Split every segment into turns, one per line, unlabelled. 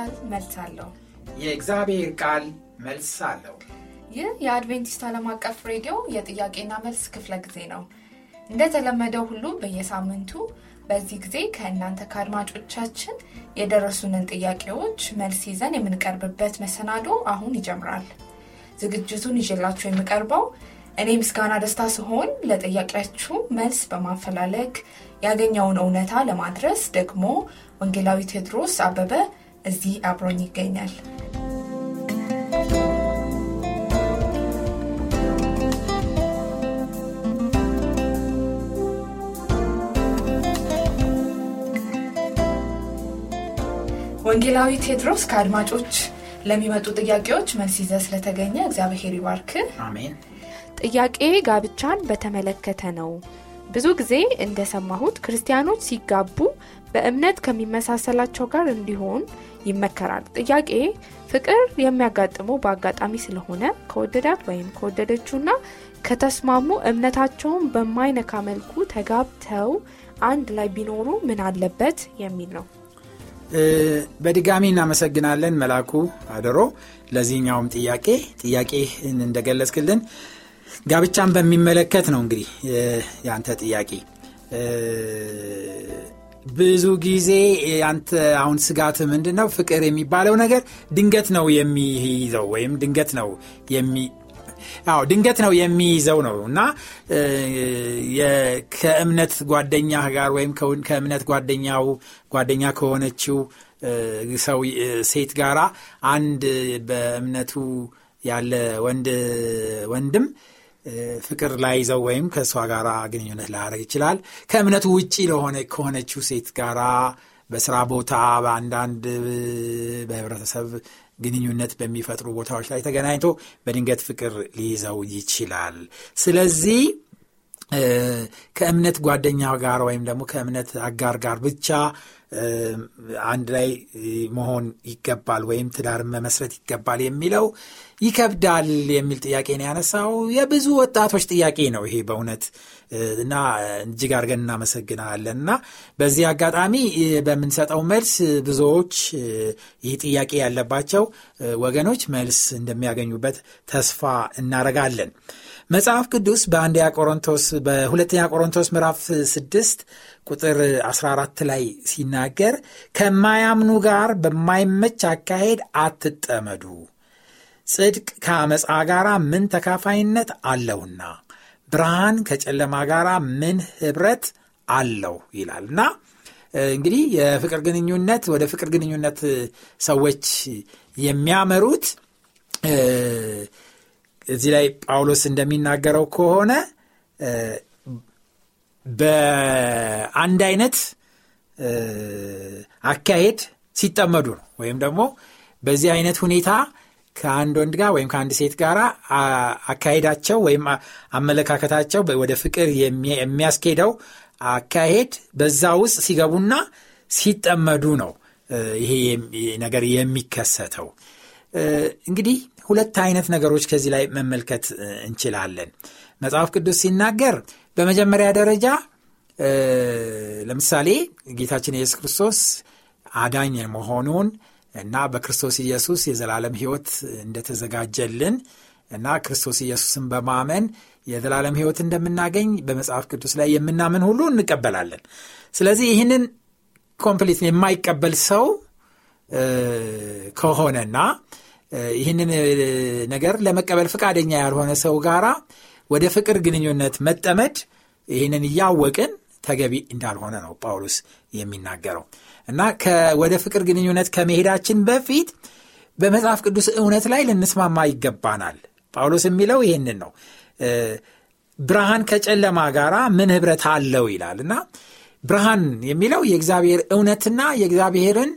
ቃል መልስ አለው።
የእግዚአብሔር ቃል መልስ አለው።
ይህ የአድቬንቲስት ዓለም አቀፍ ሬዲዮ የጥያቄና መልስ ክፍለ ጊዜ ነው። እንደተለመደው ሁሉ በየሳምንቱ በዚህ ጊዜ ከእናንተ ከአድማጮቻችን የደረሱንን ጥያቄዎች መልስ ይዘን የምንቀርብበት መሰናዶ አሁን ይጀምራል። ዝግጅቱን ይዤላችሁ የሚቀርበው እኔ ምስጋና ደስታ ሲሆን ለጥያቄያችሁ መልስ በማፈላለግ ያገኘውን እውነታ ለማድረስ ደግሞ ወንጌላዊ ቴዎድሮስ አበበ እዚህ አብሮኝ ይገኛል። ወንጌላዊ ቴድሮስ ከአድማጮች ለሚመጡ ጥያቄዎች መልስ ይዘ ስለተገኘ እግዚአብሔር ይባርክ። አሜን። ጥያቄ ጋብቻን በተመለከተ ነው። ብዙ ጊዜ እንደሰማሁት ክርስቲያኖች ሲጋቡ በእምነት ከሚመሳሰላቸው ጋር እንዲሆን ይመከራል። ጥያቄ ፍቅር የሚያጋጥመው በአጋጣሚ ስለሆነ ከወደዳት ወይም ከወደደችውና ከተስማሙ እምነታቸውን በማይነካ መልኩ ተጋብተው አንድ ላይ ቢኖሩ ምን አለበት የሚል ነው።
በድጋሚ እናመሰግናለን መላኩ አደሮ ለዚህኛውም ጥያቄ ጥያቄ እንደገለጽክልን ጋብቻን በሚመለከት ነው እንግዲህ የአንተ ጥያቄ። ብዙ ጊዜ አንተ አሁን ስጋት ምንድን ነው? ፍቅር የሚባለው ነገር ድንገት ነው የሚይዘው ወይም ድንገት ነው የሚ አዎ ድንገት ነው የሚይዘው ነው እና ከእምነት ጓደኛ ጋር ወይም ከእምነት ጓደኛው ጓደኛ ከሆነችው ሰው ሴት ጋራ አንድ በእምነቱ ያለ ወንድ ወንድም ፍቅር ላይ ይዘው ወይም ከእሷ ጋር ግንኙነት ላያደርግ ይችላል። ከእምነቱ ውጪ ለሆነ ከሆነችው ሴት ጋራ በስራ ቦታ፣ በአንዳንድ በህብረተሰብ ግንኙነት በሚፈጥሩ ቦታዎች ላይ ተገናኝቶ በድንገት ፍቅር ሊይዘው ይችላል። ስለዚህ ከእምነት ጓደኛ ጋር ወይም ደግሞ ከእምነት አጋር ጋር ብቻ አንድ ላይ መሆን ይገባል ወይም ትዳርን መመስረት ይገባል የሚለው ይከብዳል የሚል ጥያቄ ነው ያነሳው። የብዙ ወጣቶች ጥያቄ ነው ይሄ በእውነት እና እጅግ አድርገን እናመሰግናለን እና በዚህ አጋጣሚ በምንሰጠው መልስ ብዙዎች ይህ ጥያቄ ያለባቸው ወገኖች መልስ እንደሚያገኙበት ተስፋ እናደርጋለን። መጽሐፍ ቅዱስ በአንደኛ ቆሮንቶስ በሁለተኛ ቆሮንቶስ ምዕራፍ 6 ቁጥር 14 ላይ ሲናገር ከማያምኑ ጋር በማይመች አካሄድ አትጠመዱ፣ ጽድቅ ከአመፃ ጋር ምን ተካፋይነት አለውና ብርሃን ከጨለማ ጋር ምን ኅብረት አለው ይላል እና እንግዲህ የፍቅር ግንኙነት ወደ ፍቅር ግንኙነት ሰዎች የሚያመሩት እዚህ ላይ ጳውሎስ እንደሚናገረው ከሆነ በአንድ አይነት አካሄድ ሲጠመዱ ነው ወይም ደግሞ በዚህ አይነት ሁኔታ ከአንድ ወንድ ጋር ወይም ከአንድ ሴት ጋር አካሄዳቸው ወይም አመለካከታቸው ወደ ፍቅር የሚያስኬደው አካሄድ በዛ ውስጥ ሲገቡና ሲጠመዱ ነው ይሄ ነገር የሚከሰተው። እንግዲህ ሁለት አይነት ነገሮች ከዚህ ላይ መመልከት እንችላለን። መጽሐፍ ቅዱስ ሲናገር በመጀመሪያ ደረጃ ለምሳሌ ጌታችን ኢየሱስ ክርስቶስ አዳኝ መሆኑን እና በክርስቶስ ኢየሱስ የዘላለም ህይወት እንደተዘጋጀልን እና ክርስቶስ ኢየሱስን በማመን የዘላለም ህይወት እንደምናገኝ በመጽሐፍ ቅዱስ ላይ የምናምን ሁሉ እንቀበላለን። ስለዚህ ይህንን ኮምፕሊት የማይቀበል ሰው ከሆነና ይህንን ነገር ለመቀበል ፈቃደኛ ያልሆነ ሰው ጋራ ወደ ፍቅር ግንኙነት መጠመድ ይህንን እያወቅን ተገቢ እንዳልሆነ ነው ጳውሎስ የሚናገረው እና ወደ ፍቅር ግንኙነት ከመሄዳችን በፊት በመጽሐፍ ቅዱስ እውነት ላይ ልንስማማ ይገባናል ጳውሎስ የሚለው ይህንን ነው ብርሃን ከጨለማ ጋር ምን ህብረት አለው ይላል እና ብርሃን የሚለው የእግዚአብሔር እውነትና የእግዚአብሔርን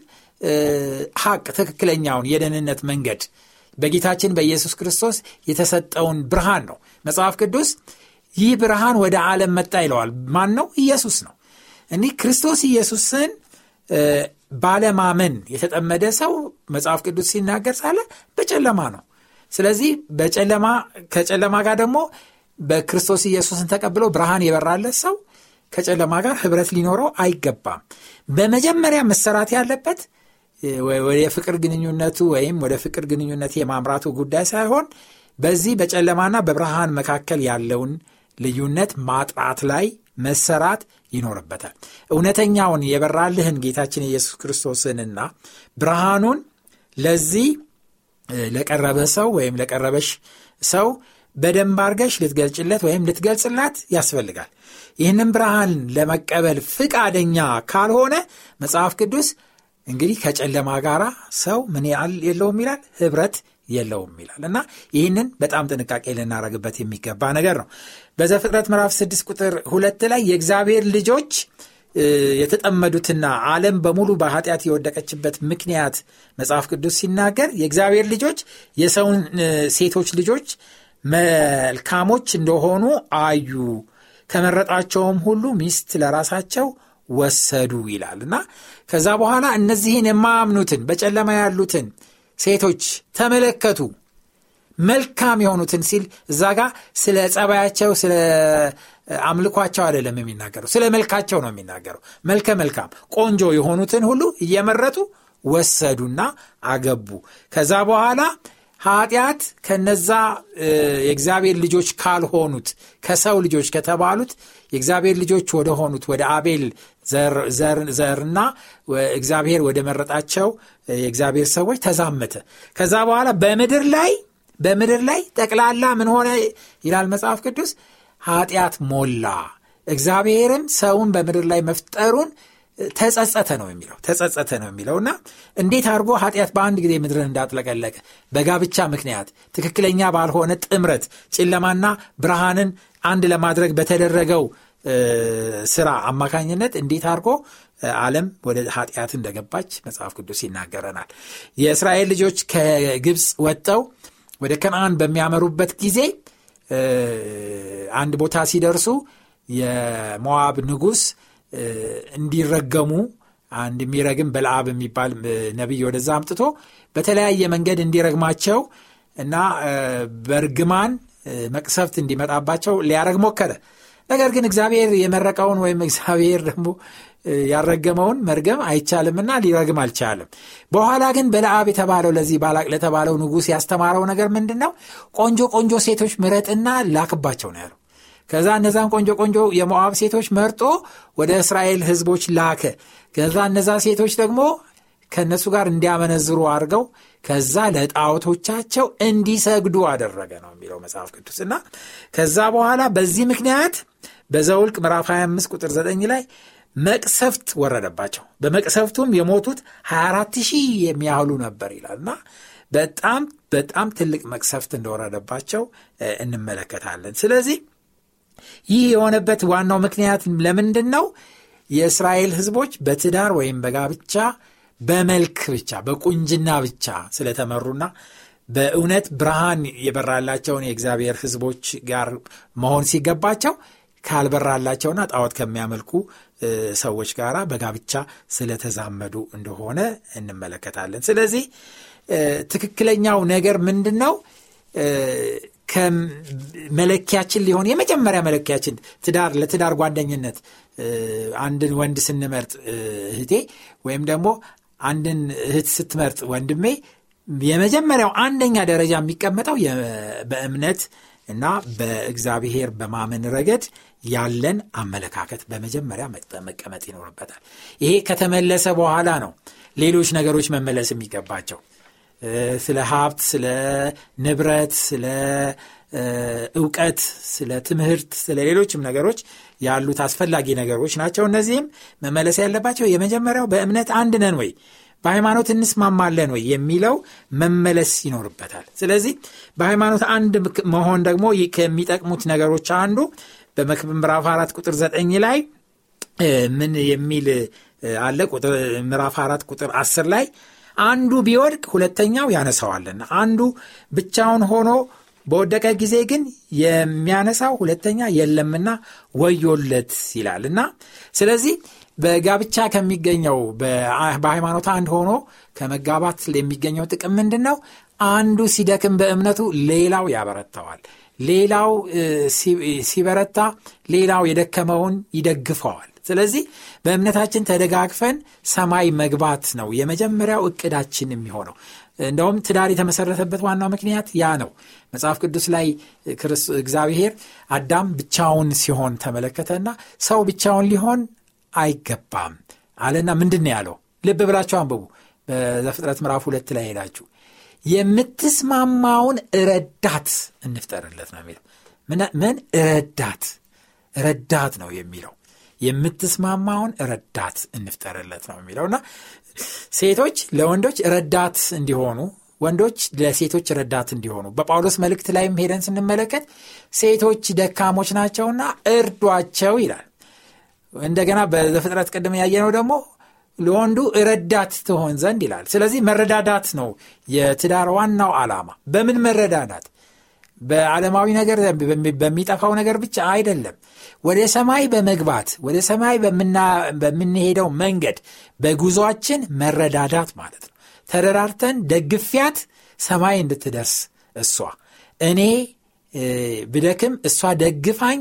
ሀቅ ትክክለኛውን የደህንነት መንገድ በጌታችን በኢየሱስ ክርስቶስ የተሰጠውን ብርሃን ነው። መጽሐፍ ቅዱስ ይህ ብርሃን ወደ ዓለም መጣ ይለዋል። ማን ነው? ኢየሱስ ነው። እኒህ ክርስቶስ ኢየሱስን ባለማመን የተጠመደ ሰው መጽሐፍ ቅዱስ ሲናገር ሳለ በጨለማ ነው። ስለዚህ በጨለማ ከጨለማ ጋር ደግሞ በክርስቶስ ኢየሱስን ተቀብሎ ብርሃን የበራለት ሰው ከጨለማ ጋር ህብረት ሊኖረው አይገባም። በመጀመሪያ መሰራት ያለበት ወደ ፍቅር ግንኙነቱ ወይም ወደ ፍቅር ግንኙነት የማምራቱ ጉዳይ ሳይሆን በዚህ በጨለማና በብርሃን መካከል ያለውን ልዩነት ማጥራት ላይ መሰራት ይኖርበታል። እውነተኛውን የበራልህን ጌታችን ኢየሱስ ክርስቶስንና ብርሃኑን ለዚህ ለቀረበ ሰው ወይም ለቀረበሽ ሰው በደንብ አርገሽ ልትገልጭለት ወይም ልትገልጽላት ያስፈልጋል። ይህንም ብርሃን ለመቀበል ፍቃደኛ ካልሆነ መጽሐፍ ቅዱስ እንግዲህ ከጨለማ ጋር ሰው ምን ያል የለውም ይላል ህብረት የለውም ይላል እና ይህንን በጣም ጥንቃቄ ልናረግበት የሚገባ ነገር ነው በዘፍጥረት ምዕራፍ 6 ቁጥር ሁለት ላይ የእግዚአብሔር ልጆች የተጠመዱትና ዓለም በሙሉ በኃጢአት የወደቀችበት ምክንያት መጽሐፍ ቅዱስ ሲናገር የእግዚአብሔር ልጆች የሰውን ሴቶች ልጆች መልካሞች እንደሆኑ አዩ ከመረጣቸውም ሁሉ ሚስት ለራሳቸው ወሰዱ ይላል እና ከዛ በኋላ እነዚህን የማያምኑትን በጨለማ ያሉትን ሴቶች ተመለከቱ መልካም የሆኑትን ሲል እዛ ጋ ስለ ጸባያቸው ስለ አምልኳቸው አይደለም የሚናገረው ስለ መልካቸው ነው የሚናገረው መልከ መልካም ቆንጆ የሆኑትን ሁሉ እየመረጡ ወሰዱና አገቡ ከዛ በኋላ ኃጢአት ከነዛ የእግዚአብሔር ልጆች ካልሆኑት ከሰው ልጆች ከተባሉት የእግዚአብሔር ልጆች ወደ ሆኑት ወደ አቤል ዘርና እግዚአብሔር ወደ መረጣቸው የእግዚአብሔር ሰዎች ተዛመተ። ከዛ በኋላ በምድር ላይ በምድር ላይ ጠቅላላ ምን ሆነ ይላል መጽሐፍ ቅዱስ ኃጢአት ሞላ። እግዚአብሔርም ሰውን በምድር ላይ መፍጠሩን ተጸጸተ ነው የሚለው ተጸጸተ ነው እና እንዴት አድርጎ ኃጢአት በአንድ ጊዜ ምድርን እንዳጥለቀለቀ በጋብቻ ምክንያት ትክክለኛ ባልሆነ ጥምረት ጨለማና ብርሃንን አንድ ለማድረግ በተደረገው ስራ አማካኝነት እንዴት አድርጎ ዓለም ወደ ኃጢአት እንደገባች መጽሐፍ ቅዱስ ይናገረናል። የእስራኤል ልጆች ከግብፅ ወጠው ወደ ከነአን በሚያመሩበት ጊዜ አንድ ቦታ ሲደርሱ የሞዋብ ንጉሥ እንዲረገሙ አንድ የሚረግም በልዓብ የሚባል ነቢይ ወደዛ አምጥቶ በተለያየ መንገድ እንዲረግማቸው እና በርግማን መቅሰፍት እንዲመጣባቸው ሊያረግ ሞከረ። ነገር ግን እግዚአብሔር የመረቀውን ወይም እግዚአብሔር ደግሞ ያረገመውን መርገም አይቻልምና ሊረግም አልቻለም። በኋላ ግን በለአብ የተባለው ለዚህ ባላቅ ለተባለው ንጉሥ ያስተማረው ነገር ምንድን ነው? ቆንጆ ቆንጆ ሴቶች ምረጥና ላክባቸው ነው ያለው። ከዛ እነዛን ቆንጆ ቆንጆ የሞዓብ ሴቶች መርጦ ወደ እስራኤል ህዝቦች ላከ። ከዛ እነዛ ሴቶች ደግሞ ከእነሱ ጋር እንዲያመነዝሩ አድርገው ከዛ ለጣዖቶቻቸው እንዲሰግዱ አደረገ ነው የሚለው መጽሐፍ ቅዱስ እና ከዛ በኋላ በዚህ ምክንያት በዘውልቅ ምዕራፍ 25 ቁጥር 9 ላይ መቅሰፍት ወረደባቸው። በመቅሰፍቱም የሞቱት 24 ሺህ የሚያህሉ ነበር ይላል እና በጣም በጣም ትልቅ መቅሰፍት እንደወረደባቸው እንመለከታለን። ስለዚህ ይህ የሆነበት ዋናው ምክንያት ለምንድን ነው? የእስራኤል ህዝቦች በትዳር ወይም በጋብቻ በመልክ ብቻ በቁንጅና ብቻ ስለተመሩና በእውነት ብርሃን የበራላቸውን የእግዚአብሔር ህዝቦች ጋር መሆን ሲገባቸው ካልበራላቸውና ጣዖት ከሚያመልኩ ሰዎች ጋር በጋብቻ ስለተዛመዱ እንደሆነ እንመለከታለን። ስለዚህ ትክክለኛው ነገር ምንድን ነው? ከመለኪያችን ሊሆን የመጀመሪያ መለኪያችን ትዳር ለትዳር ጓደኝነት አንድን ወንድ ስንመርጥ እህቴ ወይም ደግሞ አንድን እህት ስትመርጥ ወንድሜ የመጀመሪያው አንደኛ ደረጃ የሚቀመጠው በእምነት እና በእግዚአብሔር በማመን ረገድ ያለን አመለካከት በመጀመሪያ መቀመጥ ይኖርበታል። ይሄ ከተመለሰ በኋላ ነው ሌሎች ነገሮች መመለስ የሚገባቸው። ስለ ሀብት፣ ስለ ንብረት፣ ስለ እውቀት፣ ስለ ትምህርት፣ ስለ ሌሎችም ነገሮች ያሉት አስፈላጊ ነገሮች ናቸው። እነዚህም መመለስ ያለባቸው የመጀመሪያው በእምነት አንድ ነን ወይ በሃይማኖት እንስማማለን ወይ የሚለው መመለስ ይኖርበታል። ስለዚህ በሃይማኖት አንድ መሆን ደግሞ ከሚጠቅሙት ነገሮች አንዱ በመክብብ ምዕራፍ አራት ቁጥር ዘጠኝ ላይ ምን የሚል አለ? ምዕራፍ አራት ቁጥር አስር ላይ አንዱ ቢወድቅ ሁለተኛው ያነሳዋልና አንዱ ብቻውን ሆኖ በወደቀ ጊዜ ግን የሚያነሳው ሁለተኛ የለምና ወዮለት ይላል እና ስለዚህ በጋብቻ ከሚገኘው በሃይማኖት አንድ ሆኖ ከመጋባት የሚገኘው ጥቅም ምንድን ነው? አንዱ ሲደክም በእምነቱ ሌላው ያበረታዋል። ሌላው ሲበረታ ሌላው የደከመውን ይደግፈዋል። ስለዚህ በእምነታችን ተደጋግፈን ሰማይ መግባት ነው የመጀመሪያው እቅዳችን የሚሆነው እንደውም ትዳር የተመሰረተበት ዋናው ምክንያት ያ ነው መጽሐፍ ቅዱስ ላይ እግዚአብሔር አዳም ብቻውን ሲሆን ተመለከተና ሰው ብቻውን ሊሆን አይገባም አለና ምንድን ያለው ልብ ብላችሁ አንብቡ በዘፍጥረት ምዕራፍ ሁለት ላይ ሄዳችሁ የምትስማማውን እረዳት እንፍጠርለት ነው የሚለው ምን እረዳት ረዳት ነው የሚለው የምትስማማውን ረዳት እንፍጠርለት ነው እና ሴቶች ለወንዶች ረዳት እንዲሆኑ ወንዶች ለሴቶች ረዳት እንዲሆኑ በጳውሎስ መልእክት ላይም ሄደን ስንመለከት ሴቶች ደካሞች ናቸውና እርዷቸው ይላል እንደገና በዘፍጥረት ቅድም ያየነው ደግሞ ለወንዱ ረዳት ትሆን ዘንድ ይላል ስለዚህ መረዳዳት ነው የትዳር ዋናው አላማ በምን መረዳዳት በዓለማዊ ነገር በሚጠፋው ነገር ብቻ አይደለም። ወደ ሰማይ በመግባት ወደ ሰማይ በምንሄደው መንገድ በጉዞአችን መረዳዳት ማለት ነው። ተደራርተን ደግፊያት ሰማይ እንድትደርስ እሷ እኔ ብደክም እሷ ደግፋኝ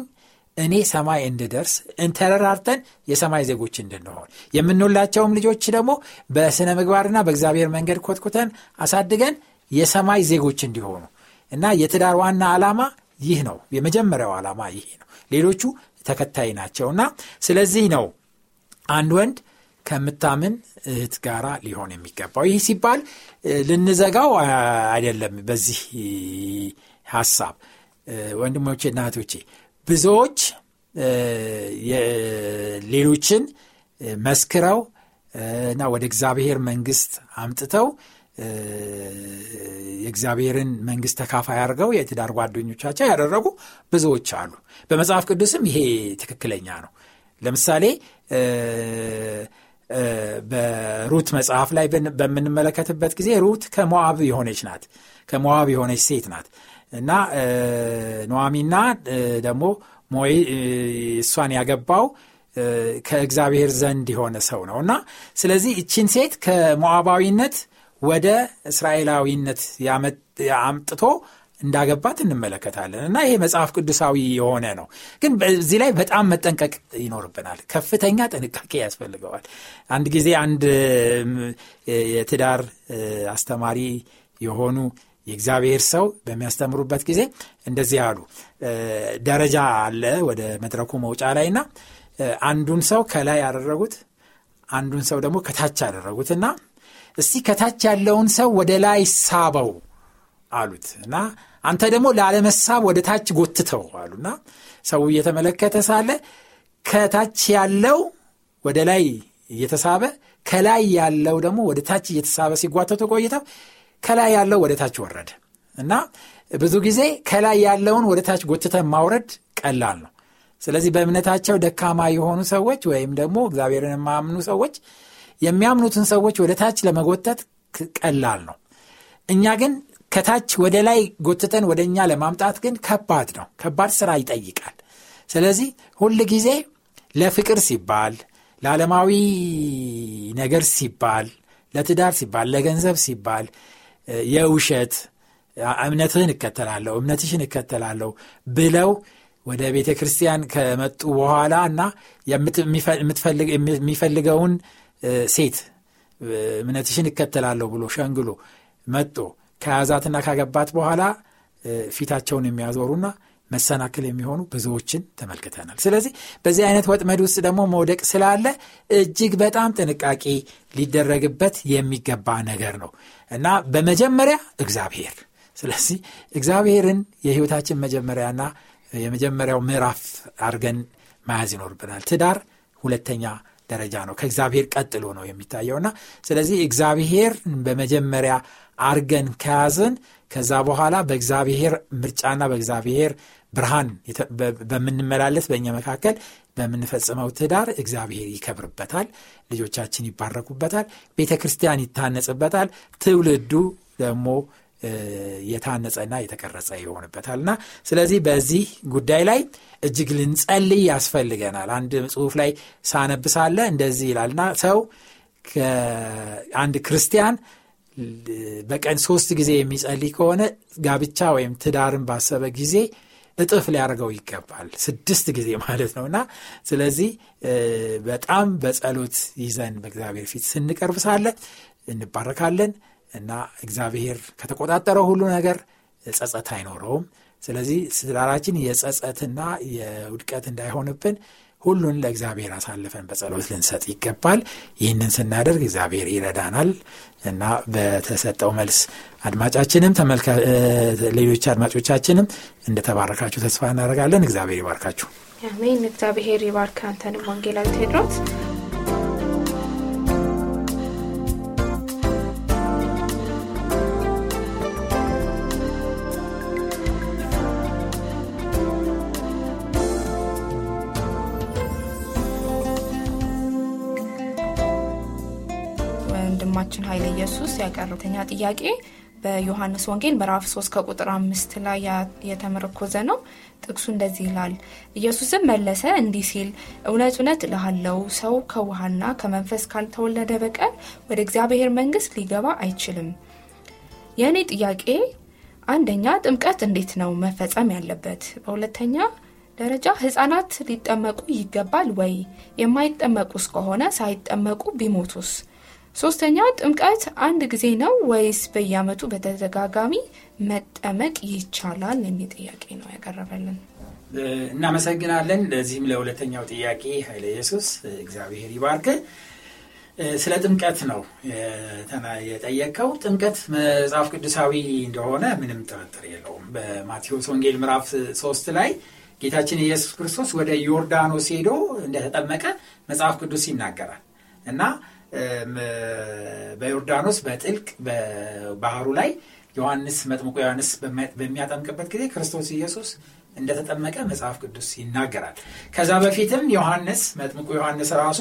እኔ ሰማይ እንድደርስ እንተረራርተን የሰማይ ዜጎች እንድንሆን የምንላቸውም ልጆች ደግሞ በሥነ ምግባርና በእግዚአብሔር መንገድ ኮትኩተን አሳድገን የሰማይ ዜጎች እንዲሆኑ እና የትዳር ዋና ዓላማ ይህ ነው። የመጀመሪያው ዓላማ ይሄ ነው። ሌሎቹ ተከታይ ናቸውና ስለዚህ ነው አንድ ወንድ ከምታምን እህት ጋር ሊሆን የሚገባው። ይህ ሲባል ልንዘጋው አይደለም። በዚህ ሀሳብ ና እህቶቼ ብዙዎች ሌሎችን መስክረው እና ወደ እግዚአብሔር መንግስት አምጥተው የእግዚአብሔርን መንግስት ተካፋይ አድርገው የትዳር ጓደኞቻቸው ያደረጉ ብዙዎች አሉ። በመጽሐፍ ቅዱስም ይሄ ትክክለኛ ነው። ለምሳሌ በሩት መጽሐፍ ላይ በምንመለከትበት ጊዜ ሩት ከሞዋብ የሆነች ናት። ከሞዋብ የሆነች ሴት ናት እና ኖዋሚና ደግሞ ሞይ እሷን ያገባው ከእግዚአብሔር ዘንድ የሆነ ሰው ነው እና ስለዚህ እቺን ሴት ከሞዋባዊነት ወደ እስራኤላዊነት አምጥቶ እንዳገባት እንመለከታለን እና ይሄ መጽሐፍ ቅዱሳዊ የሆነ ነው። ግን በዚህ ላይ በጣም መጠንቀቅ ይኖርብናል። ከፍተኛ ጥንቃቄ ያስፈልገዋል። አንድ ጊዜ አንድ የትዳር አስተማሪ የሆኑ የእግዚአብሔር ሰው በሚያስተምሩበት ጊዜ እንደዚህ አሉ። ደረጃ አለ ወደ መድረኩ መውጫ ላይ ና አንዱን ሰው ከላይ ያደረጉት፣ አንዱን ሰው ደግሞ ከታች ያደረጉት እና እስቲ ከታች ያለውን ሰው ወደ ላይ ሳበው አሉት እና አንተ ደግሞ ላለመሳብ ወደ ታች ጎትተው አሉና ሰው እየተመለከተ ሳለ ከታች ያለው ወደ ላይ እየተሳበ ከላይ ያለው ደግሞ ወደ ታች እየተሳበ ሲጓተቱ ቆይተው ከላይ ያለው ወደ ታች ወረደ እና ብዙ ጊዜ ከላይ ያለውን ወደ ታች ጎትተን ማውረድ ቀላል ነው። ስለዚህ በእምነታቸው ደካማ የሆኑ ሰዎች ወይም ደግሞ እግዚአብሔርን የማያምኑ ሰዎች የሚያምኑትን ሰዎች ወደ ታች ለመጎተት ቀላል ነው። እኛ ግን ከታች ወደ ላይ ጎትተን ወደ እኛ ለማምጣት ግን ከባድ ነው። ከባድ ስራ ይጠይቃል። ስለዚህ ሁል ጊዜ ለፍቅር ሲባል፣ ለዓለማዊ ነገር ሲባል፣ ለትዳር ሲባል፣ ለገንዘብ ሲባል የውሸት እምነትህን እከተላለሁ እምነትሽን እከተላለሁ ብለው ወደ ቤተ ክርስቲያን ከመጡ በኋላ እና የሚፈልገውን ሴት እምነትሽን እከተላለሁ ብሎ ሸንግሎ መጦ ከያዛትና ካገባት በኋላ ፊታቸውን የሚያዞሩና መሰናክል የሚሆኑ ብዙዎችን ተመልክተናል። ስለዚህ በዚህ አይነት ወጥመድ ውስጥ ደግሞ መውደቅ ስላለ እጅግ በጣም ጥንቃቄ ሊደረግበት የሚገባ ነገር ነው እና በመጀመሪያ እግዚአብሔር ስለዚህ እግዚአብሔርን የህይወታችን መጀመሪያና የመጀመሪያው ምዕራፍ አድርገን መያዝ ይኖርብናል። ትዳር ሁለተኛ ደረጃ ነው ከእግዚአብሔር ቀጥሎ ነው የሚታየውና ስለዚህ እግዚአብሔር በመጀመሪያ አርገን ከያዝን ከዛ በኋላ በእግዚአብሔር ምርጫና በእግዚአብሔር ብርሃን በምንመላለስ በእኛ መካከል በምንፈጽመው ትዳር እግዚአብሔር ይከብርበታል ልጆቻችን ይባረኩበታል ቤተ ክርስቲያን ይታነጽበታል ትውልዱ ደግሞ የታነጸና የተቀረጸ ይሆንበታል እና ስለዚህ በዚህ ጉዳይ ላይ እጅግ ልንጸልይ ያስፈልገናል። አንድ ጽሁፍ ላይ ሳነብሳለ እንደዚህ ይላልና ሰው አንድ ክርስቲያን በቀን ሶስት ጊዜ የሚጸልይ ከሆነ ጋብቻ ወይም ትዳርን ባሰበ ጊዜ እጥፍ ሊያደርገው ይገባል። ስድስት ጊዜ ማለት እና ስለዚህ በጣም በጸሎት ይዘን በእግዚአብሔር ፊት ስንቀርብ ሳለ እንባረካለን። እና እግዚአብሔር ከተቆጣጠረው ሁሉ ነገር ጸጸት አይኖረውም ስለዚህ ስዳራችን የጸጸትና የውድቀት እንዳይሆንብን ሁሉን ለእግዚአብሔር አሳልፈን በጸሎት ልንሰጥ ይገባል ይህንን ስናደርግ እግዚአብሔር ይረዳናል እና በተሰጠው መልስ አድማጫችንም ሌሎች አድማጮቻችንም እንደተባረካችሁ ተስፋ እናደርጋለን እግዚአብሔር ይባርካችሁ
አሜን እግዚአብሔር ይባርክ አንተንም ወንጌላዊ ቴድሮስ መምህራችን ኃይለ ኢየሱስ ያቀረተኛ ጥያቄ በዮሐንስ ወንጌል ምዕራፍ 3 ከቁጥር አምስት ላይ የተመረኮዘ ነው። ጥቅሱ እንደዚህ ይላል። ኢየሱስም መለሰ እንዲህ ሲል እውነት እውነት ልሃለው ሰው ከውሃና ከመንፈስ ካልተወለደ በቀር ወደ እግዚአብሔር መንግስት ሊገባ አይችልም። የእኔ ጥያቄ አንደኛ ጥምቀት እንዴት ነው መፈጸም ያለበት? በሁለተኛ ደረጃ ህፃናት ሊጠመቁ ይገባል ወይ? የማይጠመቁስ ከሆነ ሳይጠመቁ ቢሞቱስ? ሶስተኛ ጥምቀት አንድ ጊዜ ነው ወይስ በየአመቱ በተደጋጋሚ መጠመቅ ይቻላል የሚል ጥያቄ ነው ያቀረበልን።
እናመሰግናለን። ለዚህም ለሁለተኛው ጥያቄ ኃይለ ኢየሱስ እግዚአብሔር ይባርክ። ስለ ጥምቀት ነው የጠየቀው። ጥምቀት መጽሐፍ ቅዱሳዊ እንደሆነ ምንም ጥርጥር የለውም። በማቴዎስ ወንጌል ምዕራፍ ሶስት ላይ ጌታችን ኢየሱስ ክርስቶስ ወደ ዮርዳኖስ ሄዶ እንደተጠመቀ መጽሐፍ ቅዱስ ይናገራል እና በዮርዳኖስ በጥልቅ ባህሩ ላይ ዮሐንስ መጥምቁ ዮሐንስ በሚያጠምቅበት ጊዜ ክርስቶስ ኢየሱስ እንደተጠመቀ መጽሐፍ ቅዱስ ይናገራል። ከዛ በፊትም ዮሐንስ መጥምቁ ዮሐንስ ራሱ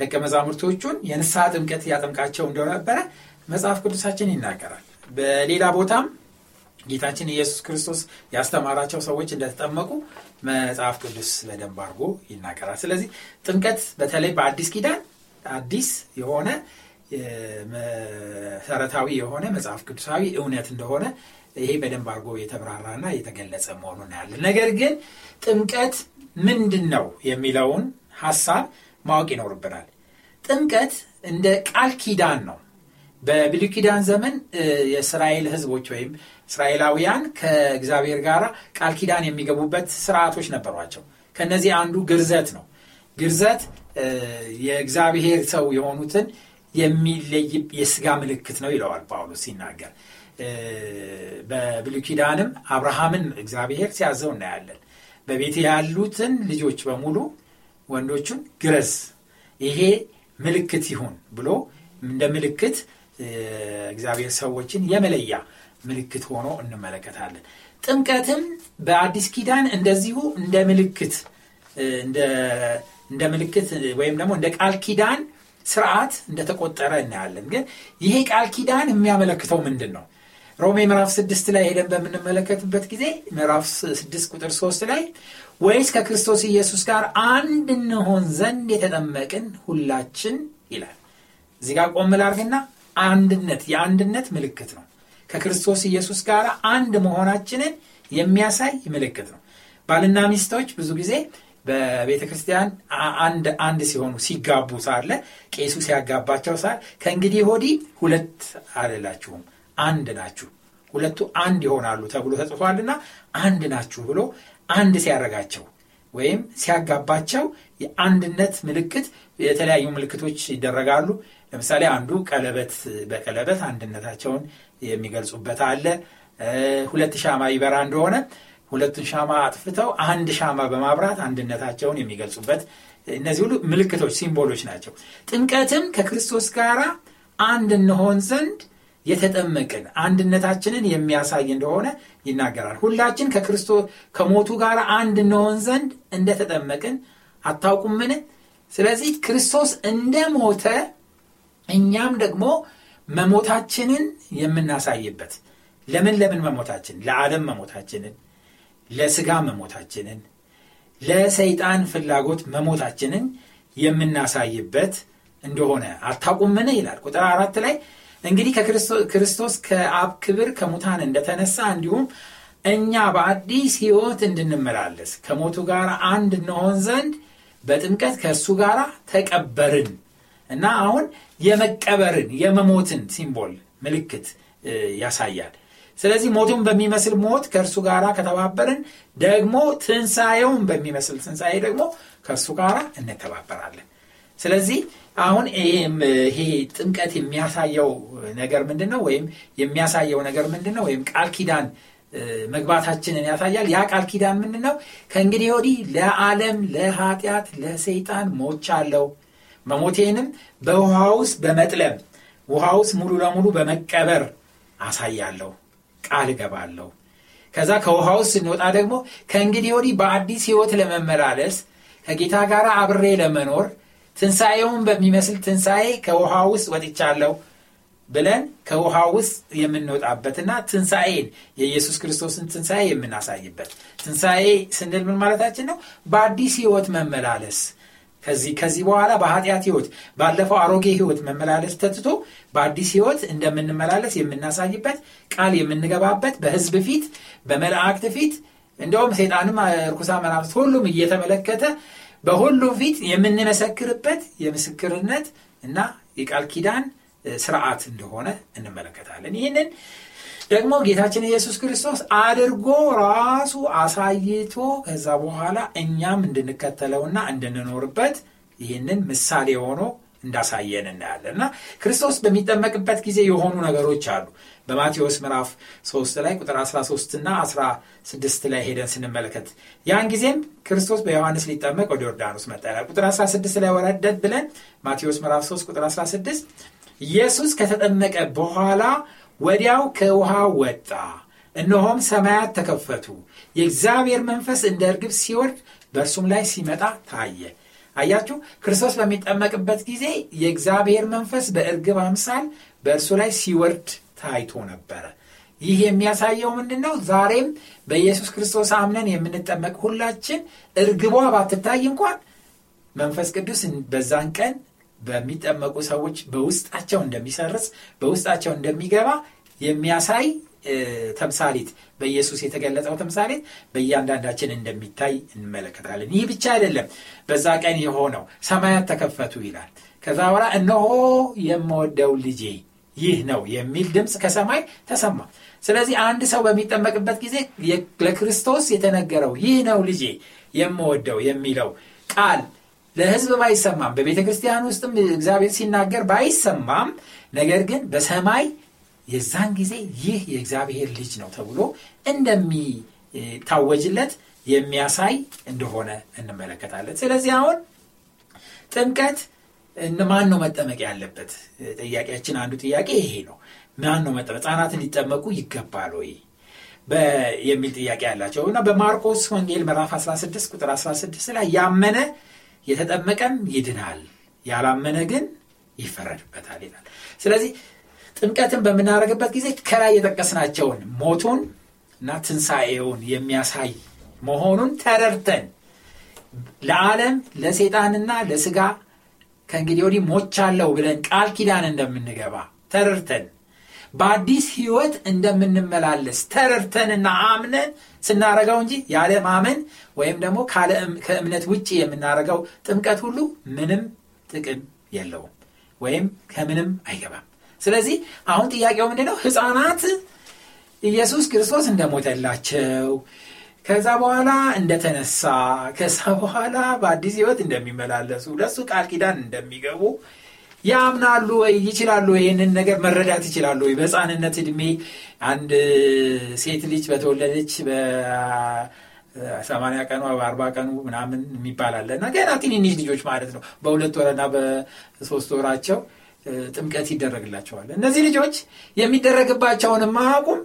ደቀ መዛሙርቶቹን የንስሐ ጥምቀት እያጠምቃቸው እንደነበረ መጽሐፍ ቅዱሳችን ይናገራል። በሌላ ቦታም ጌታችን ኢየሱስ ክርስቶስ ያስተማራቸው ሰዎች እንደተጠመቁ መጽሐፍ ቅዱስ በደንብ አድርጎ ይናገራል። ስለዚህ ጥምቀት በተለይ በአዲስ ኪዳን አዲስ የሆነ መሰረታዊ የሆነ መጽሐፍ ቅዱሳዊ እውነት እንደሆነ ይሄ በደንብ አድርጎ የተብራራና የተገለጸ መሆኑን ያለ ነገር ግን ጥምቀት ምንድን ነው የሚለውን ሀሳብ ማወቅ ይኖርብናል። ጥምቀት እንደ ቃል ኪዳን ነው። በብሉይ ኪዳን ዘመን የእስራኤል ህዝቦች ወይም እስራኤላውያን ከእግዚአብሔር ጋር ቃል ኪዳን የሚገቡበት ስርዓቶች ነበሯቸው። ከነዚህ አንዱ ግርዘት ነው። ግርዘት የእግዚአብሔር ሰው የሆኑትን የሚለይ የስጋ ምልክት ነው ይለዋል ጳውሎስ ሲናገር። በብሉኪዳንም አብርሃምን እግዚአብሔር ሲያዘው እናያለን። በቤት ያሉትን ልጆች በሙሉ ወንዶቹን ግረዝ፣ ይሄ ምልክት ይሁን ብሎ እንደ ምልክት እግዚአብሔር ሰዎችን የመለያ ምልክት ሆኖ እንመለከታለን። ጥምቀትም በአዲስ ኪዳን እንደዚሁ እንደ ምልክት እንደ እንደ ምልክት ወይም ደግሞ እንደ ቃል ኪዳን ስርዓት እንደተቆጠረ እናያለን። ግን ይሄ ቃል ኪዳን የሚያመለክተው ምንድን ነው? ሮሜ ምዕራፍ ስድስት ላይ ሄደን በምንመለከትበት ጊዜ ምዕራፍ ስድስት ቁጥር ሶስት ላይ ወይስ ከክርስቶስ ኢየሱስ ጋር አንድ እንሆን ዘንድ የተጠመቅን ሁላችን ይላል። እዚህ ጋር ቆም አንድነት የአንድነት ምልክት ነው። ከክርስቶስ ኢየሱስ ጋር አንድ መሆናችንን የሚያሳይ ምልክት ነው። ባልና ሚስቶች ብዙ ጊዜ በቤተ ክርስቲያን አንድ አንድ ሲሆኑ ሲጋቡ ሳለ ቄሱ ሲያጋባቸው ሳል ከእንግዲህ ወዲህ ሁለት አልላችሁም አንድ ናችሁ፣ ሁለቱ አንድ ይሆናሉ ተብሎ ተጽፏልና አንድ ናችሁ ብሎ አንድ ሲያረጋቸው ወይም ሲያጋባቸው የአንድነት ምልክት የተለያዩ ምልክቶች ይደረጋሉ። ለምሳሌ አንዱ ቀለበት በቀለበት አንድነታቸውን የሚገልጹበት አለ። ሁለት ሻማ ይበራ እንደሆነ ሁለቱን ሻማ አጥፍተው አንድ ሻማ በማብራት አንድነታቸውን የሚገልጹበት እነዚህ ሁሉ ምልክቶች ሲምቦሎች ናቸው ጥምቀትም ከክርስቶስ ጋር አንድ እንሆን ዘንድ የተጠመቅን አንድነታችንን የሚያሳይ እንደሆነ ይናገራል ሁላችን ከክርስቶስ ከሞቱ ጋር አንድ እንሆን ዘንድ እንደተጠመቅን አታውቁምን ስለዚህ ክርስቶስ እንደሞተ እኛም ደግሞ መሞታችንን የምናሳይበት ለምን ለምን መሞታችን ለዓለም መሞታችንን ለስጋ መሞታችንን ለሰይጣን ፍላጎት መሞታችንን የምናሳይበት እንደሆነ አታቁምን ይላል ቁጥር አራት ላይ እንግዲህ ክርስቶስ ከአብ ክብር ከሙታን እንደተነሳ እንዲሁም እኛ በአዲስ ህይወት እንድንመላለስ ከሞቱ ጋር አንድ እንሆን ዘንድ በጥምቀት ከእሱ ጋር ተቀበርን እና አሁን የመቀበርን የመሞትን ሲምቦል ምልክት ያሳያል ስለዚህ ሞቱን በሚመስል ሞት ከእርሱ ጋር ከተባበርን ደግሞ ትንሣኤውን በሚመስል ትንሣኤ ደግሞ ከእርሱ ጋር እንተባበራለን ስለዚህ አሁን ይሄ ጥምቀት የሚያሳየው ነገር ምንድን ነው ወይም የሚያሳየው ነገር ምንድን ነው ወይም ቃል ኪዳን መግባታችንን ያሳያል ያ ቃል ኪዳን ምንድን ነው ከእንግዲህ ወዲህ ለዓለም ለኃጢአት ለሰይጣን ሞቻለው አለው መሞቴንም በውሃ ውስጥ በመጥለም ውሃ ውስጥ ሙሉ ለሙሉ በመቀበር አሳያለሁ ቃል እገባለሁ። ከዛ ከውሃ ውስጥ ስንወጣ ደግሞ ከእንግዲህ ወዲህ በአዲስ ህይወት ለመመላለስ ከጌታ ጋር አብሬ ለመኖር ትንሣኤውን በሚመስል ትንሣኤ ከውሃ ውስጥ ወጥቻለሁ ብለን ከውሃ ውስጥ የምንወጣበትና ትንሣኤን የኢየሱስ ክርስቶስን ትንሣኤ የምናሳይበት ትንሣኤ ስንል ምን ማለታችን ነው? በአዲስ ህይወት መመላለስ ከዚህ ከዚህ በኋላ በኃጢአት ህይወት ባለፈው አሮጌ ህይወት መመላለስ ተትቶ በአዲስ ህይወት እንደምንመላለስ የምናሳይበት ቃል የምንገባበት በህዝብ ፊት በመላእክት ፊት እንደውም ሴጣንም ርኩሳ መናፍስት ሁሉም እየተመለከተ በሁሉም ፊት የምንመሰክርበት የምስክርነት እና የቃል ኪዳን ስርዓት እንደሆነ እንመለከታለን ይህንን ደግሞ ጌታችን ኢየሱስ ክርስቶስ አድርጎ ራሱ አሳይቶ ከዛ በኋላ እኛም እንድንከተለውና እንድንኖርበት ይህንን ምሳሌ ሆኖ እንዳሳየን እናያለን እና ክርስቶስ በሚጠመቅበት ጊዜ የሆኑ ነገሮች አሉ በማቴዎስ ምዕራፍ 3 ላይ ቁጥር 13 እና 16 ላይ ሄደን ስንመለከት ያን ጊዜም ክርስቶስ በዮሐንስ ሊጠመቅ ወደ ዮርዳኖስ መጣ ቁጥር 16 ላይ ወረደት ብለን ማቴዎስ ምዕራፍ 3 ቁጥር 16 ኢየሱስ ከተጠመቀ በኋላ ወዲያው ከውሃ ወጣ፣ እነሆም ሰማያት ተከፈቱ፣ የእግዚአብሔር መንፈስ እንደ እርግብ ሲወርድ በእርሱም ላይ ሲመጣ ታየ። አያችሁ፣ ክርስቶስ በሚጠመቅበት ጊዜ የእግዚአብሔር መንፈስ በእርግብ አምሳል በእርሱ ላይ ሲወርድ ታይቶ ነበረ። ይህ የሚያሳየው ምንድን ነው? ዛሬም በኢየሱስ ክርስቶስ አምነን የምንጠመቅ ሁላችን እርግቧ ባትታይ እንኳን መንፈስ ቅዱስ በዛን ቀን በሚጠመቁ ሰዎች በውስጣቸው እንደሚሰርጽ በውስጣቸው እንደሚገባ የሚያሳይ ተምሳሌት በኢየሱስ የተገለጠው ተምሳሌት በእያንዳንዳችን እንደሚታይ እንመለከታለን። ይህ ብቻ አይደለም። በዛ ቀን የሆነው ሰማያት ተከፈቱ ይላል። ከዛ በኋላ እነሆ የምወደው ልጄ ይህ ነው የሚል ድምፅ ከሰማይ ተሰማ። ስለዚህ አንድ ሰው በሚጠመቅበት ጊዜ ለክርስቶስ የተነገረው ይህ ነው ልጄ የምወደው የሚለው ቃል ለህዝብ ባይሰማም በቤተ ክርስቲያን ውስጥም እግዚአብሔር ሲናገር ባይሰማም ነገር ግን በሰማይ የዛን ጊዜ ይህ የእግዚአብሔር ልጅ ነው ተብሎ እንደሚታወጅለት የሚያሳይ እንደሆነ እንመለከታለን። ስለዚህ አሁን ጥምቀት ማን ነው መጠመቅ ያለበት? ጥያቄያችን አንዱ ጥያቄ ይሄ ነው። ማን ነው መጠመቅ? ህጻናት ሊጠመቁ ይገባል ወይ የሚል ጥያቄ ያላቸው እና በማርቆስ ወንጌል ምዕራፍ 16 ቁጥር 16 ላይ ያመነ የተጠመቀም ይድናል፣ ያላመነ ግን ይፈረድበታል ይላል። ስለዚህ ጥምቀትን በምናደርግበት ጊዜ ከላይ የጠቀስናቸውን ሞቱን እና ትንሣኤውን የሚያሳይ መሆኑን ተረድተን ለዓለም ለሴጣንና ለስጋ ከእንግዲህ ወዲህ ሞቻለሁ ብለን ቃል ኪዳን እንደምንገባ ተረድተን በአዲስ ህይወት እንደምንመላለስ ተረድተንና አምነን ስናረገው እንጂ ያለ ማመን ወይም ደግሞ ከእምነት ውጭ የምናረገው ጥምቀት ሁሉ ምንም ጥቅም የለውም ወይም ከምንም አይገባም ስለዚህ አሁን ጥያቄው ምንድ ነው ህፃናት ኢየሱስ ክርስቶስ እንደሞተላቸው ከዛ በኋላ እንደተነሳ ከዛ በኋላ በአዲስ ህይወት እንደሚመላለሱ ለሱ ቃል ኪዳን እንደሚገቡ ያምናሉ ወይ ይችላሉ ይህንን ነገር መረዳት ይችላሉ ወይ በህፃንነት እድሜ አንድ ሴት ልጅ በተወለደች በሰማንያ ቀኗ በአርባ ቀኑ ምናምን የሚባላለ እና ገና ትንንሽ ልጆች ማለት ነው በሁለት ወረና በሶስት ወራቸው ጥምቀት ይደረግላቸዋል እነዚህ ልጆች የሚደረግባቸውን ማቁም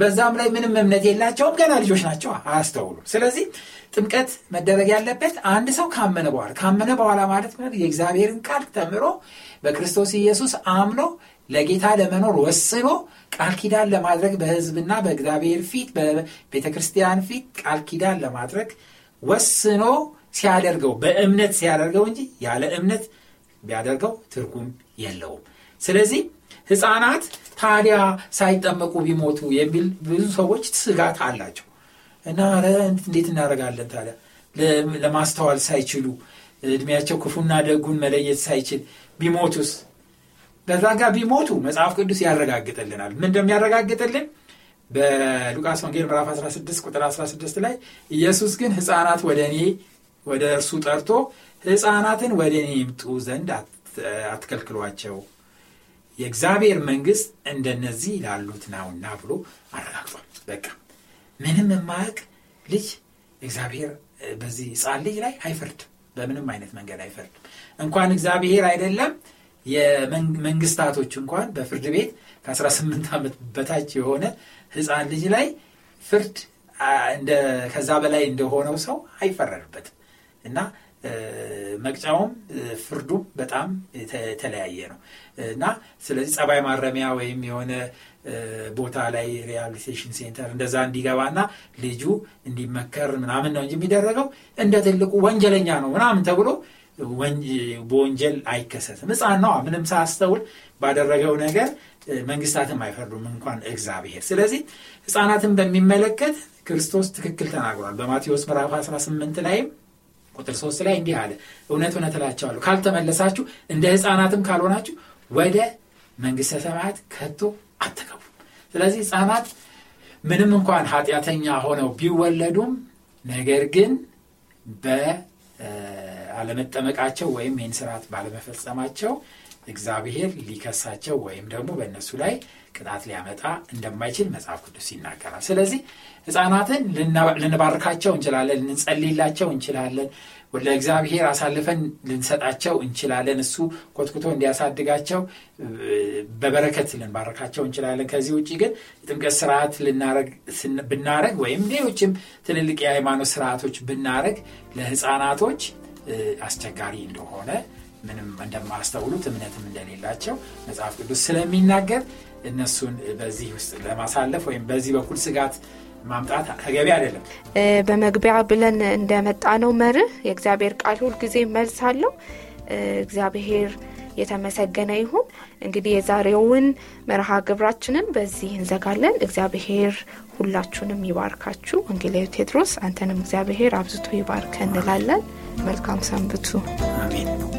በዛም ላይ ምንም እምነት የላቸውም ገና ልጆች ናቸው አያስተውሉም ስለዚህ ጥምቀት መደረግ ያለበት አንድ ሰው ካመነ በኋላ ካመነ በኋላ ማለት የእግዚአብሔርን ቃል ተምሮ በክርስቶስ ኢየሱስ አምኖ ለጌታ ለመኖር ወስኖ ቃል ኪዳን ለማድረግ በህዝብና በእግዚአብሔር ፊት በቤተ ክርስቲያን ፊት ቃል ኪዳን ለማድረግ ወስኖ ሲያደርገው በእምነት ሲያደርገው እንጂ ያለ እምነት ቢያደርገው ትርጉም የለውም። ስለዚህ ህፃናት ታዲያ ሳይጠመቁ ቢሞቱ የሚል ብዙ ሰዎች ስጋት አላቸው እና እንዴት እናደርጋለን ታዲያ ለማስተዋል ሳይችሉ እድሜያቸው ክፉና ደጉን መለየት ሳይችል ቢሞቱስ? በዛ ጋር ቢሞቱ መጽሐፍ ቅዱስ ያረጋግጥልናል። ምን እንደሚያረጋግጥልን በሉቃስ ወንጌል ምዕራፍ 16 ቁጥር 16 ላይ ኢየሱስ ግን ህፃናት ወደ እኔ ወደ እርሱ ጠርቶ ህፃናትን ወደ እኔ ይምጡ ዘንድ አትከልክሏቸው የእግዚአብሔር መንግስት እንደነዚህ ላሉት ናውና ብሎ አረጋግጧል። በቃ ምንም የማያቅ ልጅ እግዚአብሔር በዚህ ህፃን ልጅ ላይ አይፈርድ፣ በምንም አይነት መንገድ አይፈርድ። እንኳን እግዚአብሔር አይደለም የመንግስታቶች እንኳን በፍርድ ቤት ከ18 ዓመት በታች የሆነ ህፃን ልጅ ላይ ፍርድ ከዛ በላይ እንደሆነው ሰው አይፈረድበትም እና መቅጫውም ፍርዱም በጣም የተለያየ ነው እና ስለዚህ ጸባይ ማረሚያ ወይም የሆነ ቦታ ላይ ሪሃብሊቴሽን ሴንተር እንደዛ እንዲገባና ልጁ እንዲመከር ምናምን ነው እንጂ የሚደረገው እንደ ትልቁ ወንጀለኛ ነው ምናምን ተብሎ በወንጀል አይከሰትም ህፃን ነዋ ምንም ሳያስተውል ባደረገው ነገር መንግስታትም አይፈርዱም እንኳን እግዚአብሔር ስለዚህ ህፃናትን በሚመለከት ክርስቶስ ትክክል ተናግሯል በማቴዎስ ምዕራፍ 18 ላይም ቁጥር 3 ላይ እንዲህ አለ እውነት እውነት እላቸዋለሁ ካልተመለሳችሁ እንደ ህፃናትም ካልሆናችሁ ወደ መንግስተ ሰማያት ከቶ አትገቡ ስለዚህ ህፃናት ምንም እንኳን ኃጢአተኛ ሆነው ቢወለዱም ነገር ግን በ አለመጠመቃቸው ወይም ይህን ስርዓት ባለመፈጸማቸው እግዚአብሔር ሊከሳቸው ወይም ደግሞ በእነሱ ላይ ቅጣት ሊያመጣ እንደማይችል መጽሐፍ ቅዱስ ይናገራል። ስለዚህ ህፃናትን ልንባርካቸው እንችላለን፣ ልንጸልይላቸው እንችላለን፣ ለእግዚአብሔር አሳልፈን ልንሰጣቸው እንችላለን። እሱ ኮትኩቶ እንዲያሳድጋቸው በበረከት ልንባርካቸው እንችላለን። ከዚህ ውጭ ግን ጥምቀት ስርዓት ብናረግ ወይም ሌሎችም ትልልቅ የሃይማኖት ስርዓቶች ብናረግ ለህፃናቶች አስቸጋሪ እንደሆነ ምንም እንደማያስተውሉት እምነትም እንደሌላቸው መጽሐፍ ቅዱስ ስለሚናገር እነሱን በዚህ ውስጥ ለማሳለፍ ወይም በዚህ በኩል ስጋት ማምጣት ተገቢ አይደለም።
በመግቢያ ብለን እንደመጣ ነው መርህ የእግዚአብሔር ቃል ሁልጊዜ መልስ አለው። እግዚአብሔር የተመሰገነ ይሁን። እንግዲህ የዛሬውን መርሃ ግብራችንን በዚህ እንዘጋለን። እግዚአብሔር ሁላችሁንም ይባርካችሁ። ወንጌላዊ ቴድሮስ አንተንም እግዚአብሔር አብዝቶ ይባርከ እንላለን። መልካም ሰንብቱ። አሜን።